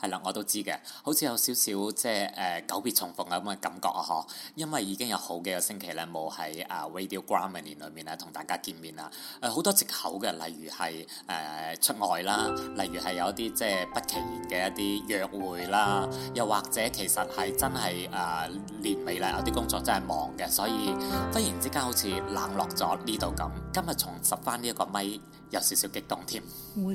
係啦，我都知嘅，好似有少少即係誒久別重逢咁嘅感覺啊！嗬，因為已經有好幾個星期咧冇喺啊 Radio Grammar 年裏面啊同大家見面啦，誒、呃、好多藉口嘅，例如係誒、呃、出外啦，例如係有一啲即係不其然嘅一啲約會啦，又或者其實係真係誒年尾啦，有啲工作真係忙嘅，所以忽然之間好似冷落咗呢度咁。今日重拾翻呢一個咪，有少少激動添。我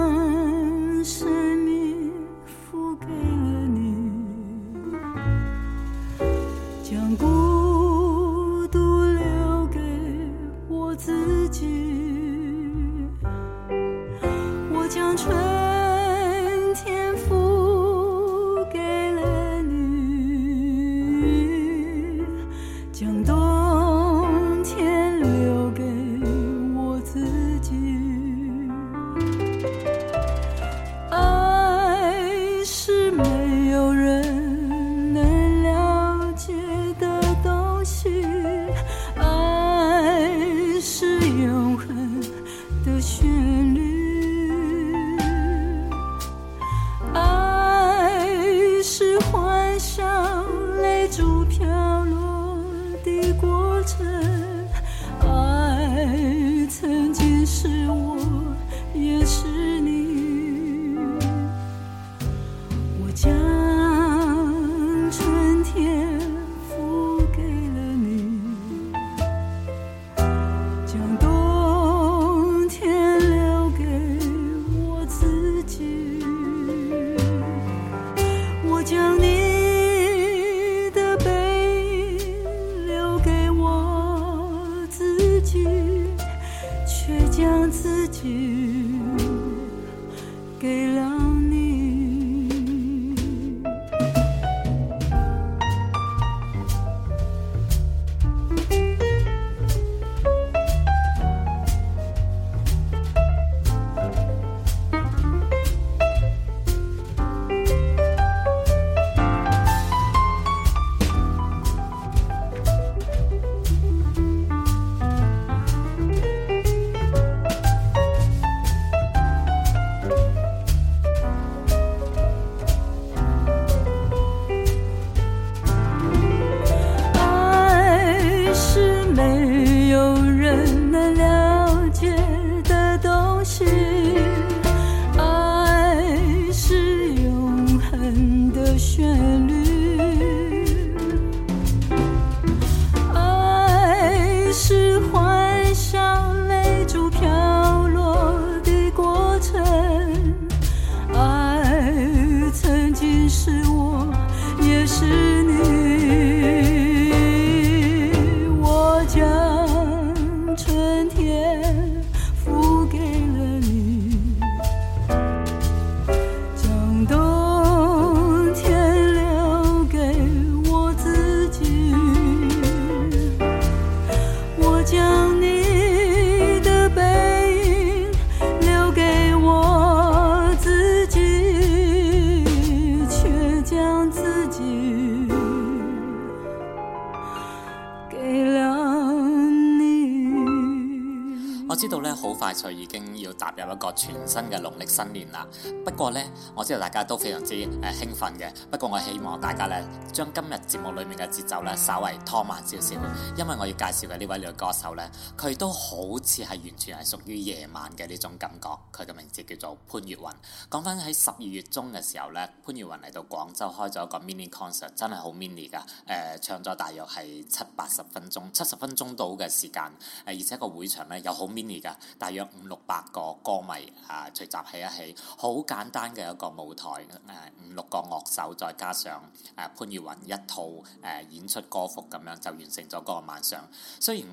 三年啦！不過呢，我知道大家都非常之誒、呃、興奮嘅。不過我希望大家呢，將今日節目裏面嘅節奏呢稍為拖慢少少，因為我要介紹嘅呢位女歌手呢，佢都好似係完全係屬於夜晚嘅呢種感覺。佢嘅名字叫做潘越雲。講翻喺十二月中嘅時候呢，潘越雲嚟到廣州開咗一個 mini concert，真係好 mini 噶、呃。唱咗大約係七八十分鐘，七十分鐘到嘅時間。而且個會場呢又好 mini 噶，大約五六百個歌迷啊聚集喺一起，好～簡單嘅一個舞台，誒、呃、五六個樂手，再加上誒、呃、潘越雲一套誒、呃、演出歌服咁樣，就完成咗嗰個晚上。雖然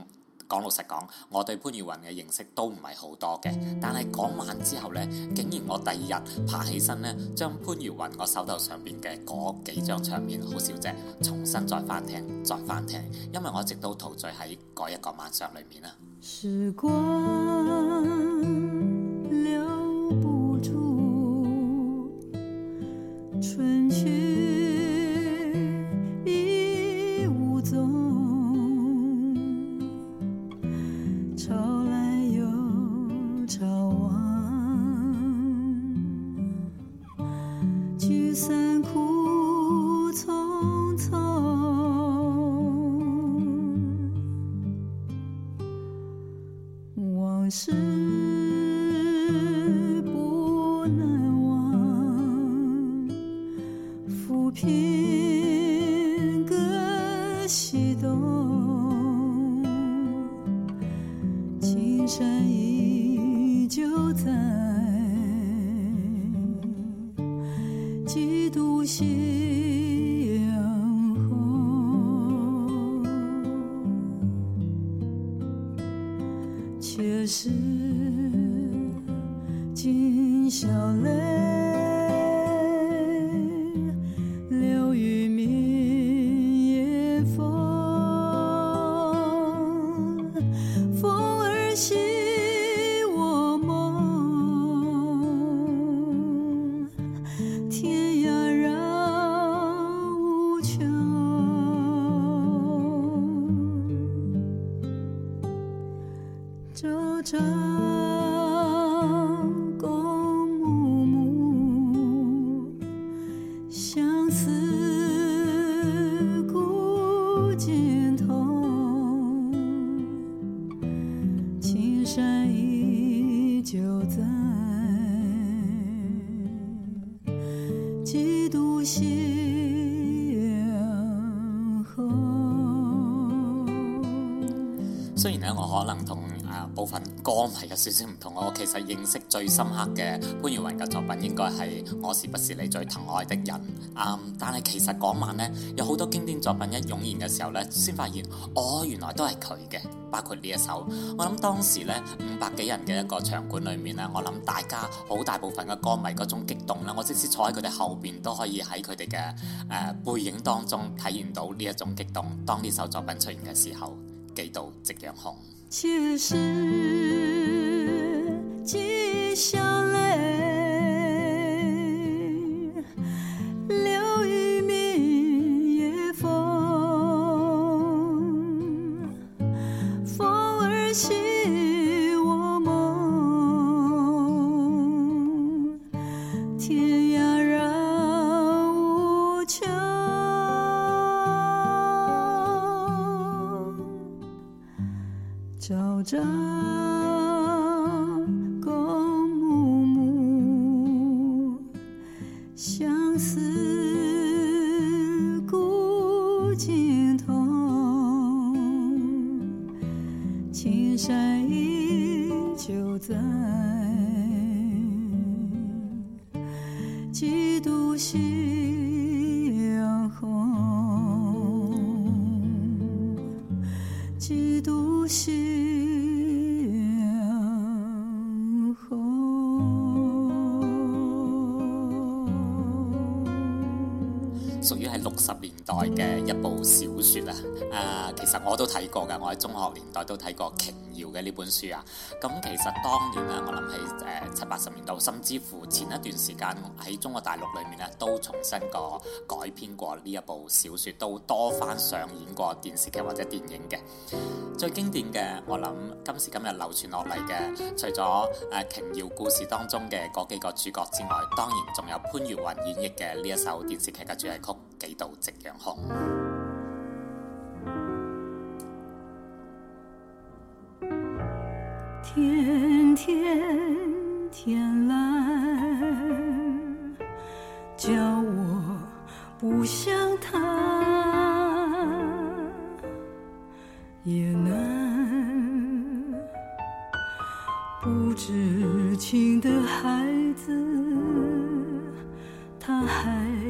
講老實講，我對潘越雲嘅認識都唔係好多嘅，但係嗰晚之後呢，竟然我第二日爬起身呢，將潘越雲我手頭上邊嘅嗰幾張唱片好少隻，重新再翻聽，再翻聽，因為我一直都陶醉喺嗰一個晚上裏面啊。時光也是今宵淚。雖然咧，我可能同啊部分歌迷有少少唔同，我其實認識最深刻嘅潘越雲嘅作品，應該係《我是不是你最疼愛的人》嗯。啱，但係其實嗰晚呢，有好多經典作品一湧現嘅時候呢，先發現，哦，原來都係佢嘅。包括呢一首，我諗當時咧五百幾人嘅一個場館裏面咧，我諗大家好大部分嘅歌迷嗰種激動啦，我即使坐喺佢哋後邊都可以喺佢哋嘅誒背影當中體驗到呢一種激動。當呢首作品出現嘅時候，幾度夕陽紅。心，我夢，天涯繞無窮，山依舊在，幾度夕陽紅，幾度夕。屬於係六十年代嘅一部小説啊！誒，其實我都睇過嘅，我喺中學年代都睇過瓊瑤嘅呢本書啊。咁其實當年咧，我諗起誒、呃、七八十年代，甚至乎前一段時間喺中國大陸裏面呢，都重新過改編過呢一部小説，都多番上演過電視劇或者電影嘅。最經典嘅，我諗今時今日流傳落嚟嘅，除咗誒瓊瑤故事當中嘅嗰幾個主角之外，當然仲有潘越雲演繹嘅呢一首電視劇嘅主題曲。幾度夕陽紅。天，天，天藍，叫我不想他，也難。不知情的孩子，他還。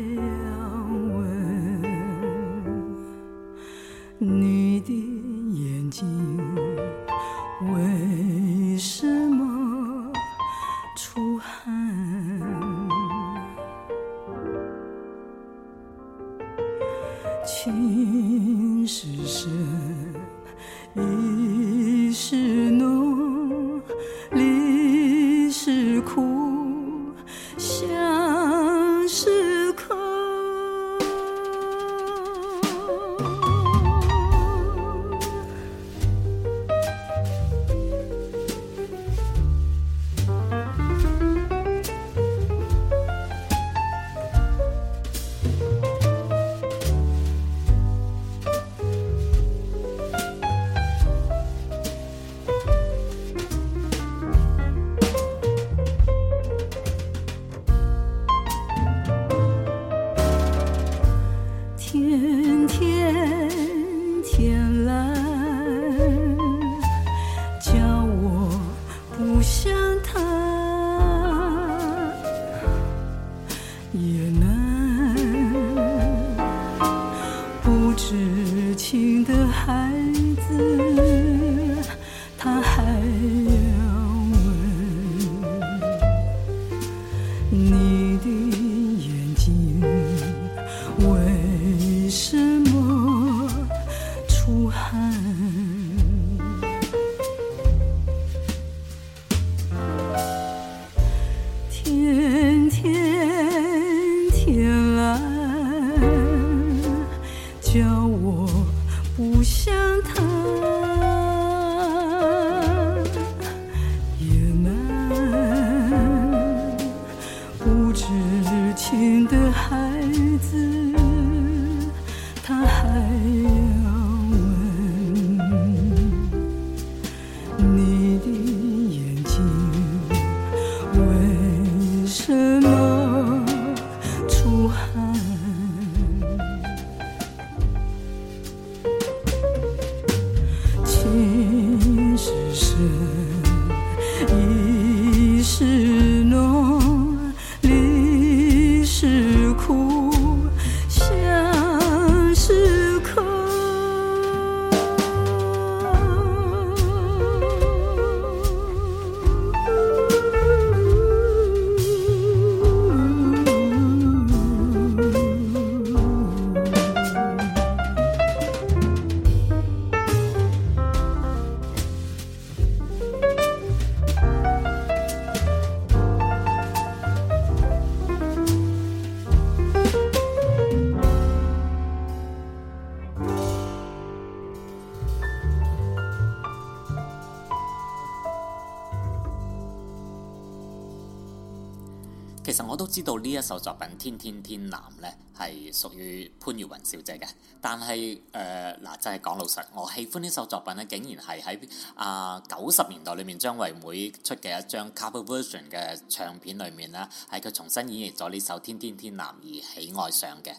呢一首作品《天天天藍》咧，係屬於潘越雲小姐嘅。但係，誒、呃、嗱，真係講老實，我喜歡呢首作品咧，竟然係喺啊九十年代裏面張惠妹出嘅一張 Cover Version 嘅唱片裏面咧，喺佢重新演繹咗呢首《天天天藍》而喜愛上嘅。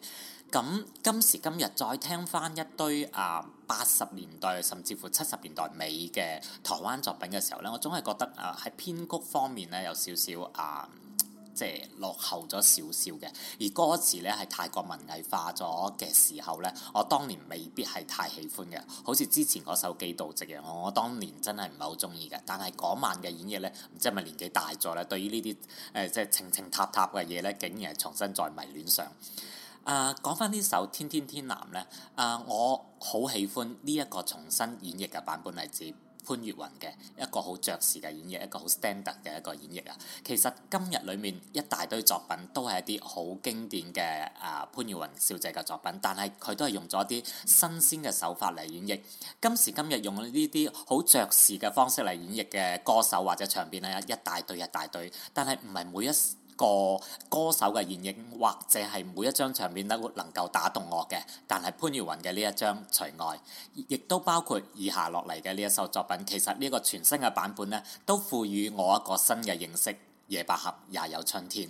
咁今時今日再聽翻一堆啊八十年代甚至乎七十年代尾嘅台灣作品嘅時候咧，我總係覺得啊喺編曲方面咧有少少啊。呃即係落後咗少少嘅，而歌詞咧係太過文藝化咗嘅時候咧，我當年未必係太喜歡嘅。好似之前嗰首《幾度夕陽》，我當年真係唔係好中意嘅。但係嗰晚嘅演繹咧，唔知係咪年紀大咗咧，對於、呃就是、晴晴踏踏呢啲誒即係情情塔塔嘅嘢咧，竟然係重新再迷戀上。啊、呃，講返呢首《天天天藍》咧，啊、呃，我好喜歡呢一個重新演繹嘅版本嚟自潘越雲嘅一個好爵士嘅演繹，一個好 standard 嘅一個演繹啊！其實今日裡面一大堆作品都係一啲好經典嘅啊潘越雲小姐嘅作品，但係佢都係用咗啲新鮮嘅手法嚟演繹。今時今日用呢啲好爵士嘅方式嚟演繹嘅歌手或者唱片啊，一大堆一大堆，一大堆，但係唔係每一。個歌手嘅現影或者係每一張場面都能夠打動我嘅，但係潘越雲嘅呢一張除外，亦都包括以下落嚟嘅呢一首作品。其實呢個全新嘅版本呢，都賦予我一個新嘅認識，夜《夜百合也有春天》。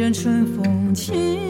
願春風輕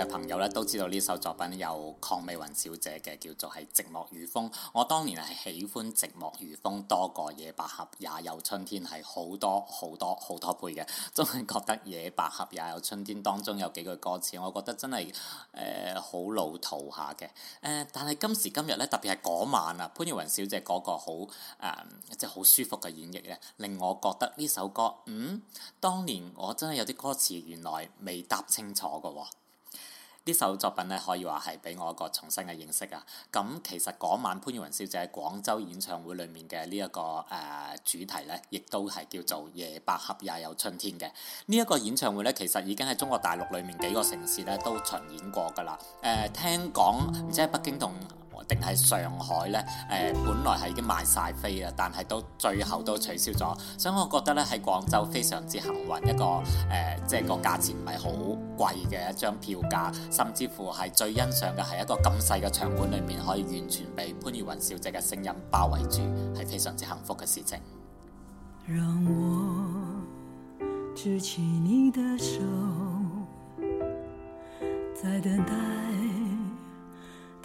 嘅朋友咧，都知道呢首作品有鄺美雲小姐嘅叫做係《寂寞如風》。我當年係喜歡《寂寞如風》多過《野百合也有春天》，係好多好多好多倍嘅。真係覺得《野百合也有春天》當中有幾句歌詞，我覺得真係誒好老土下嘅誒。但係今時今日咧，特別係嗰晚啊，潘越雲小姐嗰個好誒、呃，即係好舒服嘅演繹咧，令我覺得呢首歌嗯，當年我真係有啲歌詞原來未答清楚嘅、哦。呢首作品咧可以話係俾我一個重新嘅認識啊！咁其實嗰晚潘越雲小姐喺廣州演唱會裏面嘅呢一個誒、呃、主題咧，亦都係叫做《夜百合也有春天》嘅。呢、這、一個演唱會咧，其實已經喺中國大陸裏面幾個城市咧都巡演過㗎啦。誒、呃，聽講即係北京同定係上海呢？誒、呃，本來係已經賣晒飛啦，但係都最後都取消咗，所以我覺得咧喺廣州非常之幸運，一個誒、呃，即係個價錢唔係好貴嘅一張票價，甚至乎係最欣賞嘅係一個咁細嘅場館裏面可以完全被潘越雲小姐嘅聲音包圍住，係非常之幸福嘅事情。讓我執起你的手，在等待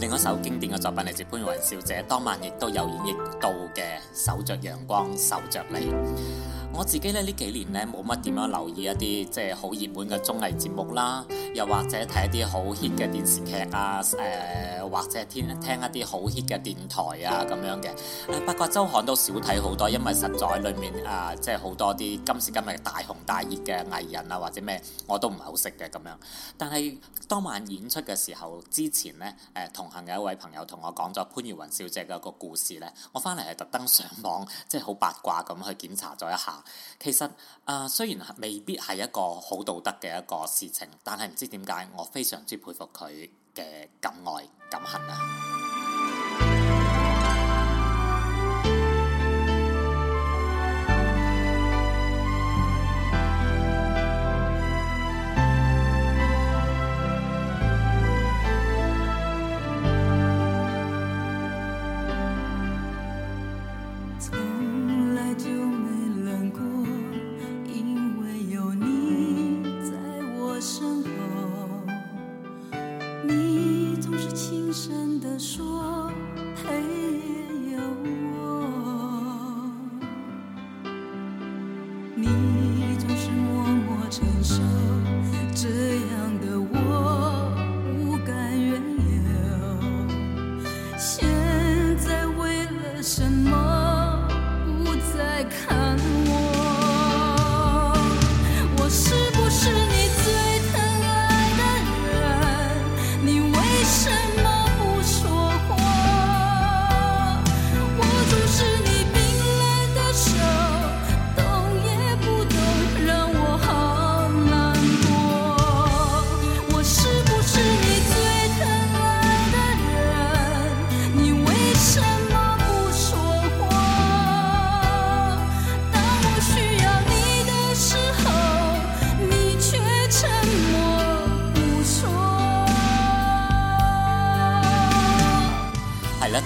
另外一首經典嘅作品嚟自潘越雲小姐，當晚亦都有演繹到嘅《守着陽光守着你》。我自己咧，呢幾年咧，冇乜點樣留意一啲即係好熱門嘅綜藝節目啦，又或者睇一啲好 hit 嘅電視劇啊，呃、或者聽，聽一啲好 hit 嘅電台啊咁樣嘅、啊。八卦周刊都少睇好多，因為實在裏面啊，即係好多啲今時今日大紅大熱嘅藝人啊，或者咩我都唔係好識嘅咁樣。但係當晚演出嘅時候之前咧、呃，同行嘅一位朋友同我講咗潘越雲小姐嘅一個故事咧，我翻嚟係特登上網，即係好八卦咁去檢查咗一下。其實，啊、呃，雖然未必係一個好道德嘅一個事情，但係唔知點解，我非常之佩服佢嘅敢愛敢恨啊！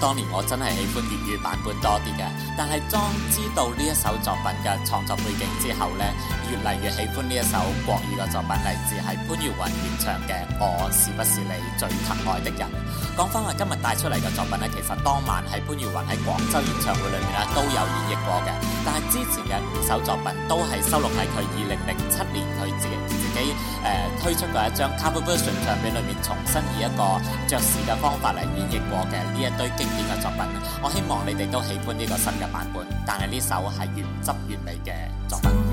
當年我真係喜歡粵語版本多啲嘅，但係當知道呢一首作品嘅創作背景之後呢，越嚟越喜歡呢一首國語嘅作品，嚟自係潘越雲演唱嘅《我是不是你最疼愛的人》。講翻話今日帶出嚟嘅作品呢，其實當晚係潘越雲喺廣州演唱會裏面咧都有演繹過嘅，但係之前嘅五首作品都係收錄喺佢二零零七年佢自己自己誒推出嘅一張《Cover Version》唱片裏面，重新以一個爵士嘅方法嚟演繹過嘅呢一堆經典嘅作品。我希望你哋都喜歡呢個新嘅版本，但係呢首係原汁原味嘅作品。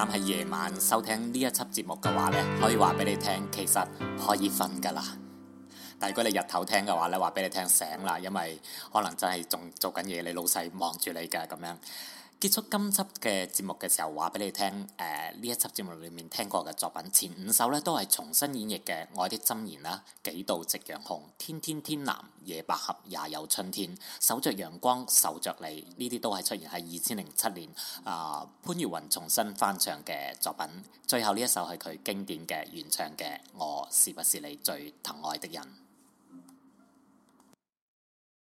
啱係夜晚收聽呢一輯節目嘅話呢，可以話俾你聽，其實可以瞓噶啦。但如果你日頭聽嘅話呢，話俾你聽醒啦，因為可能真係仲做緊嘢，你老細望住你噶咁樣。結束今輯嘅節目嘅時候，話俾你聽誒，呢、呃、一輯節目裏面聽過嘅作品前五首都係重新演繹嘅《愛的箴言》啦，《幾度夕陽紅》《天天天藍》《野百合》也有春天，守陽、《守着陽光守着你》呢啲都係出現喺二千零七年啊、呃、潘越雲重新翻唱嘅作品。最後呢一首係佢經典嘅原唱嘅《我是不是你最疼愛的人》。